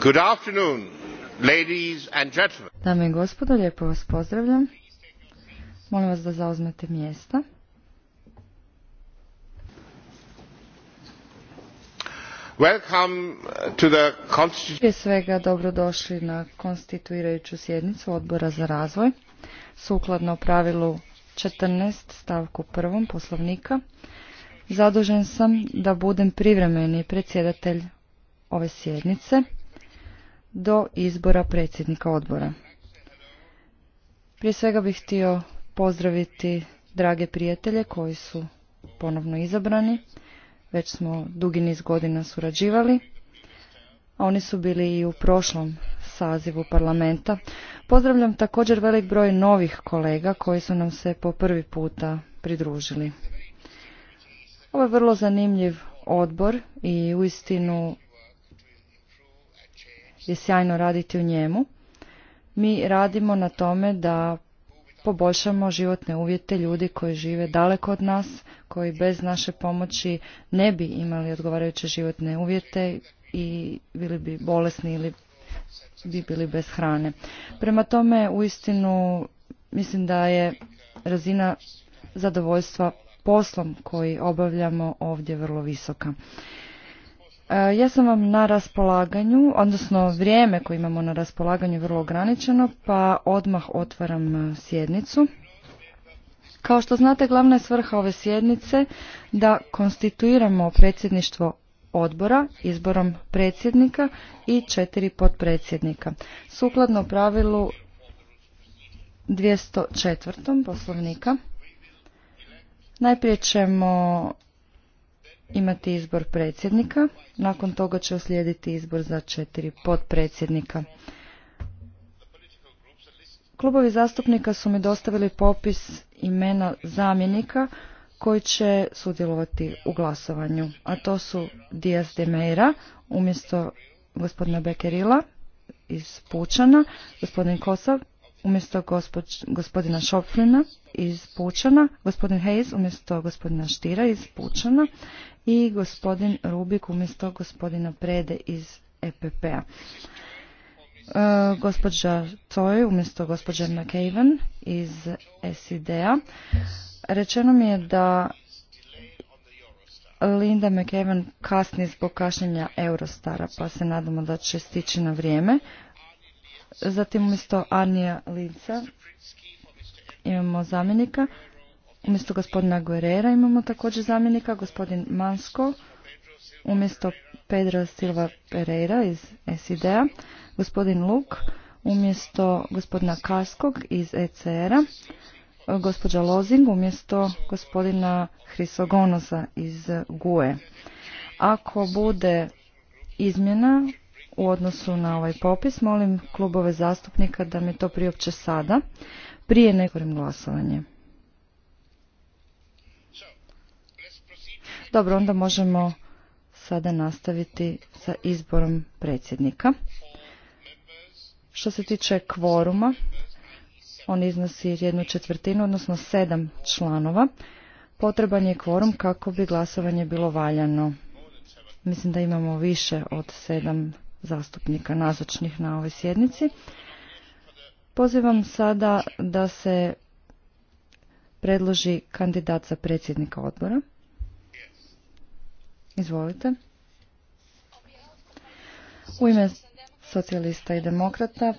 Good afternoon, ladies and gentlemen. Dame i gospodo, lijepo vas pozdravljam. Molim vas da zauzmete mjesta. Welcome to the Prije svega dobrodošli na konstituirajuću sjednicu odbora za razvoj. Sukladno pravilu 14 stavku 1. poslovnika zadužen sam da budem privremeni predsjedatelj ove sjednice do izbora predsjednika odbora. Prije svega bih htio pozdraviti drage prijatelje koji su ponovno izabrani. Već smo dugi niz godina surađivali. Oni su bili i u prošlom sazivu parlamenta. Pozdravljam također velik broj novih kolega koji su nam se po prvi puta pridružili. Ovo je vrlo zanimljiv odbor i uistinu je sjajno raditi u njemu. Mi radimo na tome da poboljšamo životne uvjete ljudi koji žive daleko od nas, koji bez naše pomoći ne bi imali odgovarajuće životne uvjete i bili bi bolesni ili bi bili bez hrane. Prema tome, uistinu mislim da je razina zadovoljstva poslom koji obavljamo ovdje vrlo visoka. E, ja sam vam na raspolaganju, odnosno vrijeme koje imamo na raspolaganju je vrlo ograničeno, pa odmah otvaram e, sjednicu. Kao što znate, glavna je svrha ove sjednice da konstituiramo predsjedništvo odbora izborom predsjednika i četiri potpredsjednika. Sukladno pravilu 204. poslovnika, najprije ćemo imati izbor predsjednika, nakon toga će uslijediti izbor za četiri podpredsjednika. Klubovi zastupnika su mi dostavili popis imena zamjenika koji će sudjelovati u glasovanju, a to su Dias de Meira umjesto gospodina Bekerila iz Pučana, gospodin Kosov umjesto gospodina Šopflina iz Pučana, gospodin Hayes umjesto gospodina Štira iz Pučana, i gospodin Rubik umjesto gospodina Prede iz EPP-a. Gospodža e, gospođa Toj umjesto gospođa McAven iz SID-a. Rečeno mi je da Linda McAven kasni zbog kašnjenja Eurostara, pa se nadamo da će stići na vrijeme. Zatim umjesto Anija Linca imamo zamjenika. Umjesto gospodina Guerrera imamo također zamjenika gospodin Mansko, umjesto Pedro Silva Pereira iz SID-a, gospodin Luk, umjesto gospodina Kaskog iz ECR-a, gospođa Lozing umjesto gospodina Hrisogonosa iz GUE. Ako bude izmjena u odnosu na ovaj popis, molim klubove zastupnika da mi to priopće sada, prije nekorim glasovanje. Dobro, onda možemo sada nastaviti sa izborom predsjednika. Što se tiče kvoruma, on iznosi jednu četvrtinu, odnosno sedam članova. Potreban je kvorum kako bi glasovanje bilo valjano. Mislim da imamo više od sedam zastupnika nazočnih na ovoj sjednici. Pozivam sada da se predloži kandidat za predsjednika odbora. Izvolite. U ime socijalista i demokrata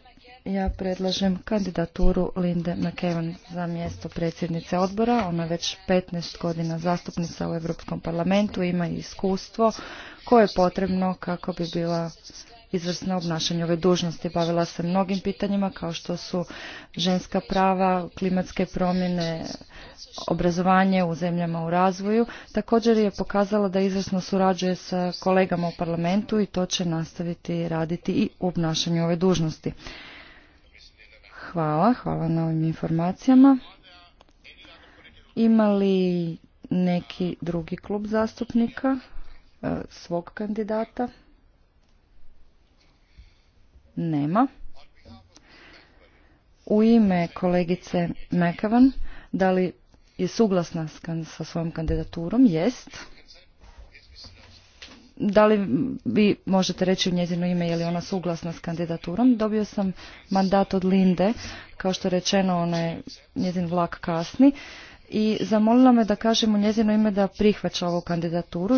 ja predlažem kandidaturu Linde McEwan za mjesto predsjednice odbora. Ona je već 15 godina zastupnica u Europskom parlamentu, ima iskustvo koje je potrebno kako bi bila izvrsno obnašanje ove dužnosti. Bavila se mnogim pitanjima kao što su ženska prava, klimatske promjene, obrazovanje u zemljama u razvoju. Također je pokazala da izvrsno surađuje sa kolegama u parlamentu i to će nastaviti raditi i u obnašanju ove dužnosti. Hvala, hvala na ovim informacijama. Ima li neki drugi klub zastupnika e, svog kandidata? Nema. U ime kolegice Mekavan, da li je suglasna sa svojom kandidaturom? Jest. Da li vi možete reći u njezino ime je li ona suglasna s kandidaturom? Dobio sam mandat od Linde, kao što je rečeno, ona je, njezin vlak kasni i zamolila me da kažem u njezino ime da prihvaća ovu kandidaturu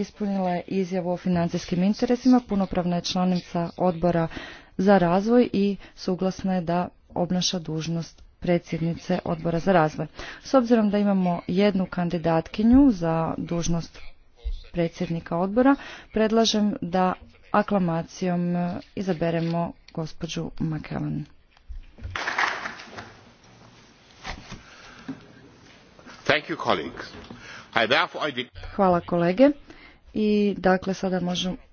ispunila je izjavu o financijskim interesima, punopravna je članica odbora za razvoj i suglasna je da obnaša dužnost predsjednice odbora za razvoj. S obzirom da imamo jednu kandidatkinju za dužnost predsjednika odbora, predlažem da aklamacijom izaberemo gospođu McKellen. Hvala kolege. I dakle sada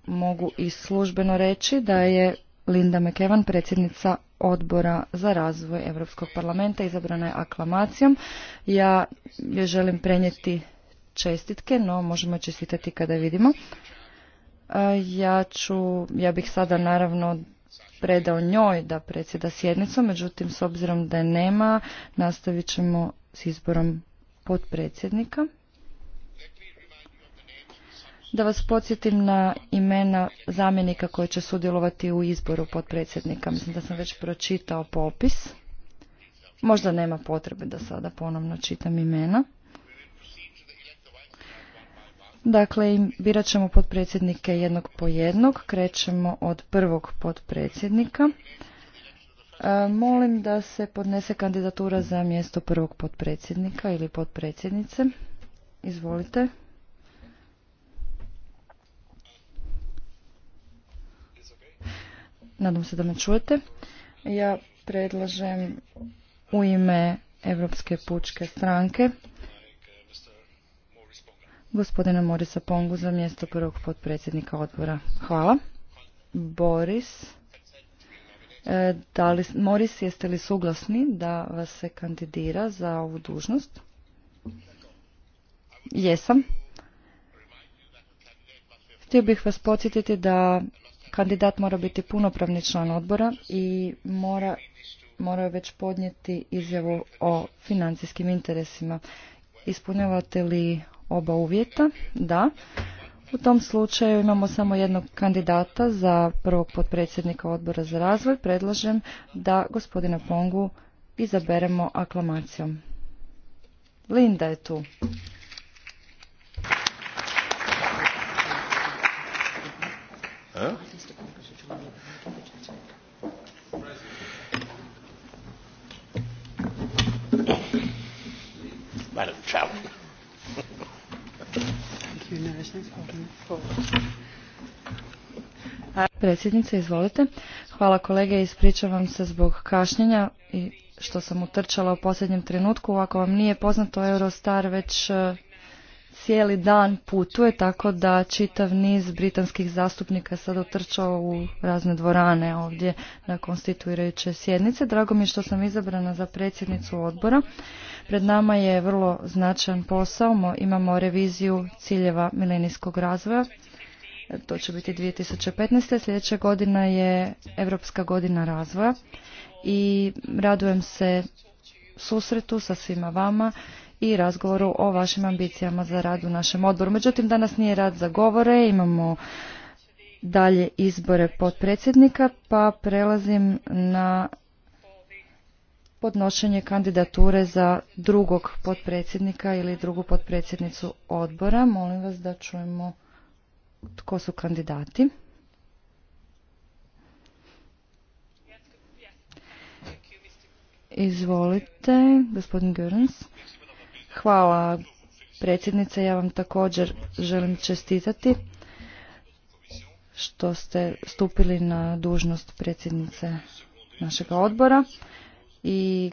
mogu i službeno reći da je Linda McEvan, predsjednica odbora za razvoj Europskog parlamenta, izabrana je aklamacijom. Ja joj želim prenijeti čestitke, no možemo čestitati kada vidimo. E, ja ću, ja bih sada naravno predao njoj da predsjeda sjednicom, međutim s obzirom da je nema, nastavit ćemo s izborom potpredsjednika. Da vas podsjetim na imena zamjenika koji će sudjelovati u izboru potpredsjednika. Mislim da sam već pročitao popis. Možda nema potrebe da sada ponovno čitam imena. Dakle, birat ćemo potpredsjednike jednog po jednog. Krećemo od prvog potpredsjednika. E, molim da se podnese kandidatura za mjesto prvog potpredsjednika ili potpredsjednice. Izvolite. Nadam se da me čujete. Ja predlažem u ime Europske pučke stranke gospodina Morisa Pongu za mjesto prvog potpredsjednika odbora. Hvala. Boris. E, da li, Moris, jeste li suglasni da vas se kandidira za ovu dužnost? Jesam. Htio bih vas podsjetiti da Kandidat mora biti punopravni član odbora i mora, mora već podnijeti izjavu o financijskim interesima. Ispunjavate li oba uvjeta? Da. U tom slučaju imamo samo jednog kandidata za prvog potpredsjednika odbora za razvoj. Predlažem da gospodina Pongu izaberemo aklamacijom. Linda je tu. Predsjednice, izvolite. Hvala kolege, ispričavam se zbog kašnjenja i što sam utrčala u posljednjem trenutku. Ako vam nije poznato, Eurostar već cijeli dan putuje, tako da čitav niz britanskih zastupnika sad otrčao u razne dvorane ovdje na konstituirajuće sjednice. Drago mi je što sam izabrana za predsjednicu odbora. Pred nama je vrlo značajan posao. Imamo reviziju ciljeva milenijskog razvoja. To će biti 2015. Sljedeća godina je Europska godina razvoja i radujem se susretu sa svima vama i razgovoru o vašim ambicijama za rad u našem odboru. Međutim, danas nije rad za govore, imamo dalje izbore potpredsjednika, pa prelazim na podnošenje kandidature za drugog potpredsjednika ili drugu potpredsjednicu odbora. Molim vas da čujemo tko su kandidati. Izvolite, gospodin Hvala predsjednice, ja vam također želim čestitati što ste stupili na dužnost predsjednice našeg odbora i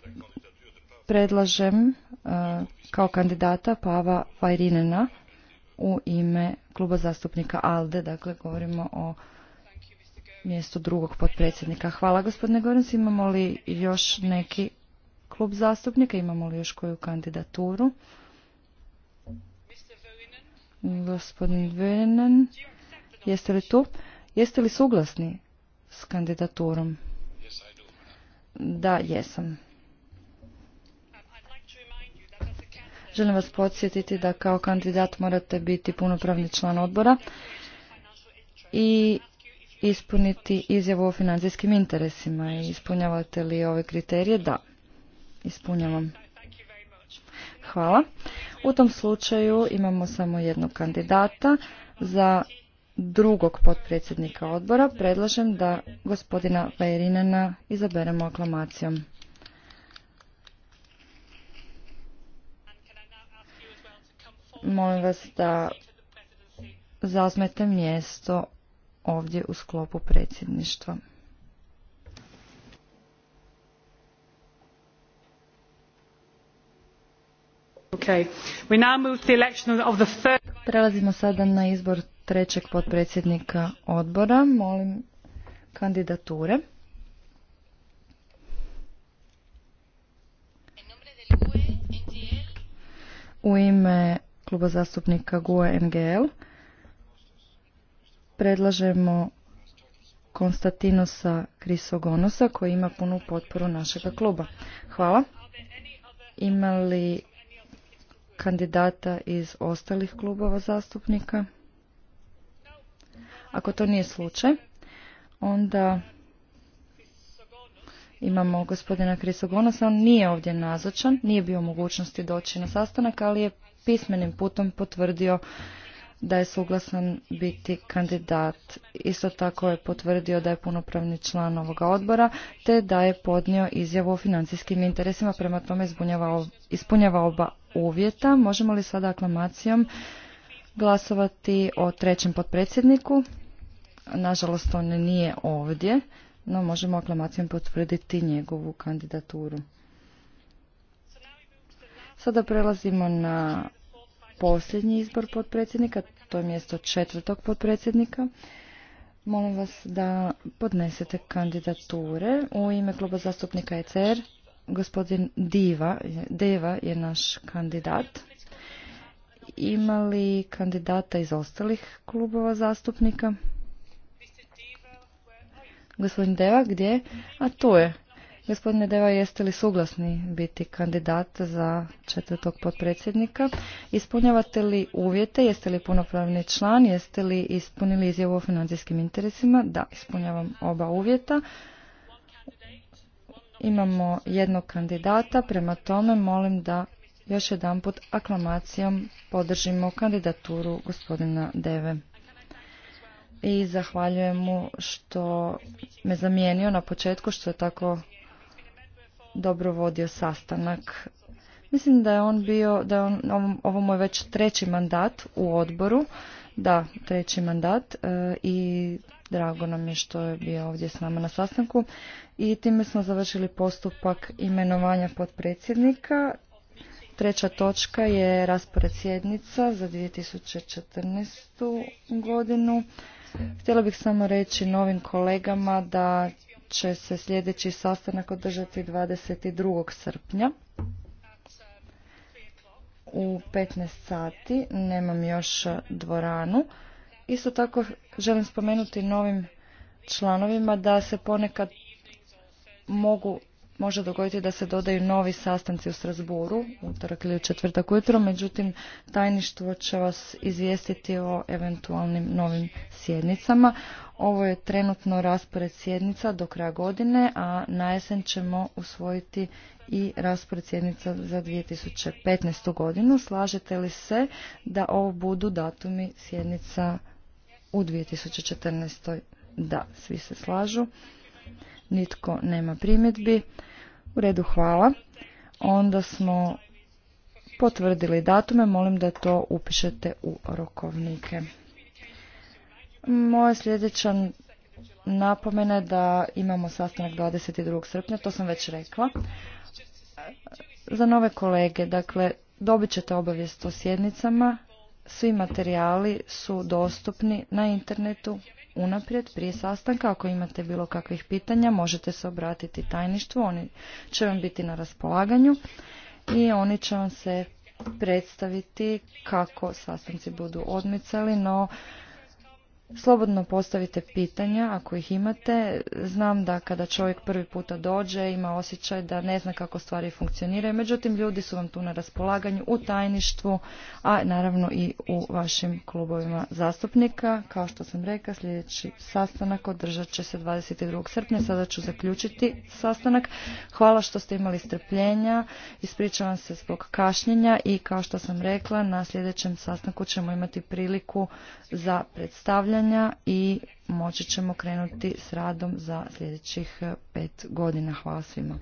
predlažem e, kao kandidata Pava Fajrinena u ime kluba zastupnika ALDE, dakle govorimo o mjestu drugog potpredsjednika. Hvala gospodine Gorens, imamo li još neki klub zastupnika? Imamo li još koju kandidaturu? Gospodin Venen, jeste li tu? Jeste li suglasni s kandidaturom? Da, jesam. Želim vas podsjetiti da kao kandidat morate biti punopravni član odbora i ispuniti izjavu o financijskim interesima. Ispunjavate li ove kriterije? Da ispunjavam. Hvala. U tom slučaju imamo samo jednog kandidata za drugog potpredsjednika odbora. Predlažem da gospodina Vajerinena izaberemo aklamacijom. Molim vas da zazmete mjesto ovdje u sklopu predsjedništva. Prelazimo sada na izbor trećeg potpredsjednika odbora. Molim kandidature. U ime kluba zastupnika GUE NGL predlažemo Konstantinosa Krisogonosa koji ima punu potporu našega kluba. Hvala. Ima li kandidata iz ostalih klubova zastupnika? Ako to nije slučaj, onda imamo gospodina Krisogonosa. On nije ovdje nazočan, nije bio u mogućnosti doći na sastanak, ali je pismenim putom potvrdio da je suglasan biti kandidat. Isto tako je potvrdio da je punopravni član ovoga odbora, te da je podnio izjavu o financijskim interesima, prema tome ispunjava oba uvjeta. Možemo li sada aklamacijom glasovati o trećem potpredsjedniku? Nažalost, on nije ovdje, no možemo aklamacijom potvrditi njegovu kandidaturu. Sada prelazimo na posljednji izbor potpredsjednika, to je mjesto četvrtog potpredsjednika. Molim vas da podnesete kandidature. U ime kluba zastupnika ECR, gospodin Diva, Deva je naš kandidat. Ima li kandidata iz ostalih klubova zastupnika? Gospodin Deva, gdje? A tu je. Gospodine Deva, jeste li suglasni biti kandidat za četvrtog potpredsjednika? Ispunjavate li uvjete? Jeste li punopravni član? Jeste li ispunili izjavu o financijskim interesima? Da, ispunjavam oba uvjeta. Imamo jednog kandidata, prema tome molim da još jedanput aklamacijom podržimo kandidaturu gospodina Deve i zahvaljujem mu što me zamijenio na početku što je tako dobro vodio sastanak. Mislim da je on bio, da je on, ovo mu je već treći mandat u odboru, da, treći mandat e, i drago nam je što je bio ovdje s nama na sastanku i time smo završili postupak imenovanja potpredsjednika. Treća točka je raspored sjednica za 2014. godinu. Htjela bih samo reći novim kolegama da će se sljedeći sastanak održati 22. srpnja u 15 sati. Nemam još dvoranu. Isto tako želim spomenuti novim članovima da se ponekad mogu može dogoditi da se dodaju novi sastanci u Strasburu, utorak ili četvrtak ujutro, međutim tajništvo će vas izvijestiti o eventualnim novim sjednicama. Ovo je trenutno raspored sjednica do kraja godine, a na jesen ćemo usvojiti i raspored sjednica za 2015. godinu. Slažete li se da ovo budu datumi sjednica u 2014. Da, svi se slažu. Nitko nema primjedbi. U redu, hvala. Onda smo potvrdili datume, molim da to upišete u rokovnike. Moja sljedeća napomena je da imamo sastanak 22. srpnja, to sam već rekla. Za nove kolege, dakle, dobit ćete obavijest o sjednicama svi materijali su dostupni na internetu unaprijed prije sastanka. Ako imate bilo kakvih pitanja možete se obratiti tajništvu, oni će vam biti na raspolaganju i oni će vam se predstaviti kako sastanci budu odmicali, no Slobodno postavite pitanja ako ih imate. Znam da kada čovjek prvi puta dođe ima osjećaj da ne zna kako stvari funkcioniraju, međutim ljudi su vam tu na raspolaganju u tajništvu, a naravno i u vašim klubovima zastupnika. Kao što sam rekla, sljedeći sastanak održat će se 22. srpnja. Sada ću zaključiti sastanak. Hvala što ste imali strpljenja, ispričavam se zbog kašnjenja i kao što sam rekla, na sljedećem sastanku ćemo imati priliku za predstavljanje i moći ćemo krenuti s radom za sljedećih eh, pet godina. Hvala svima.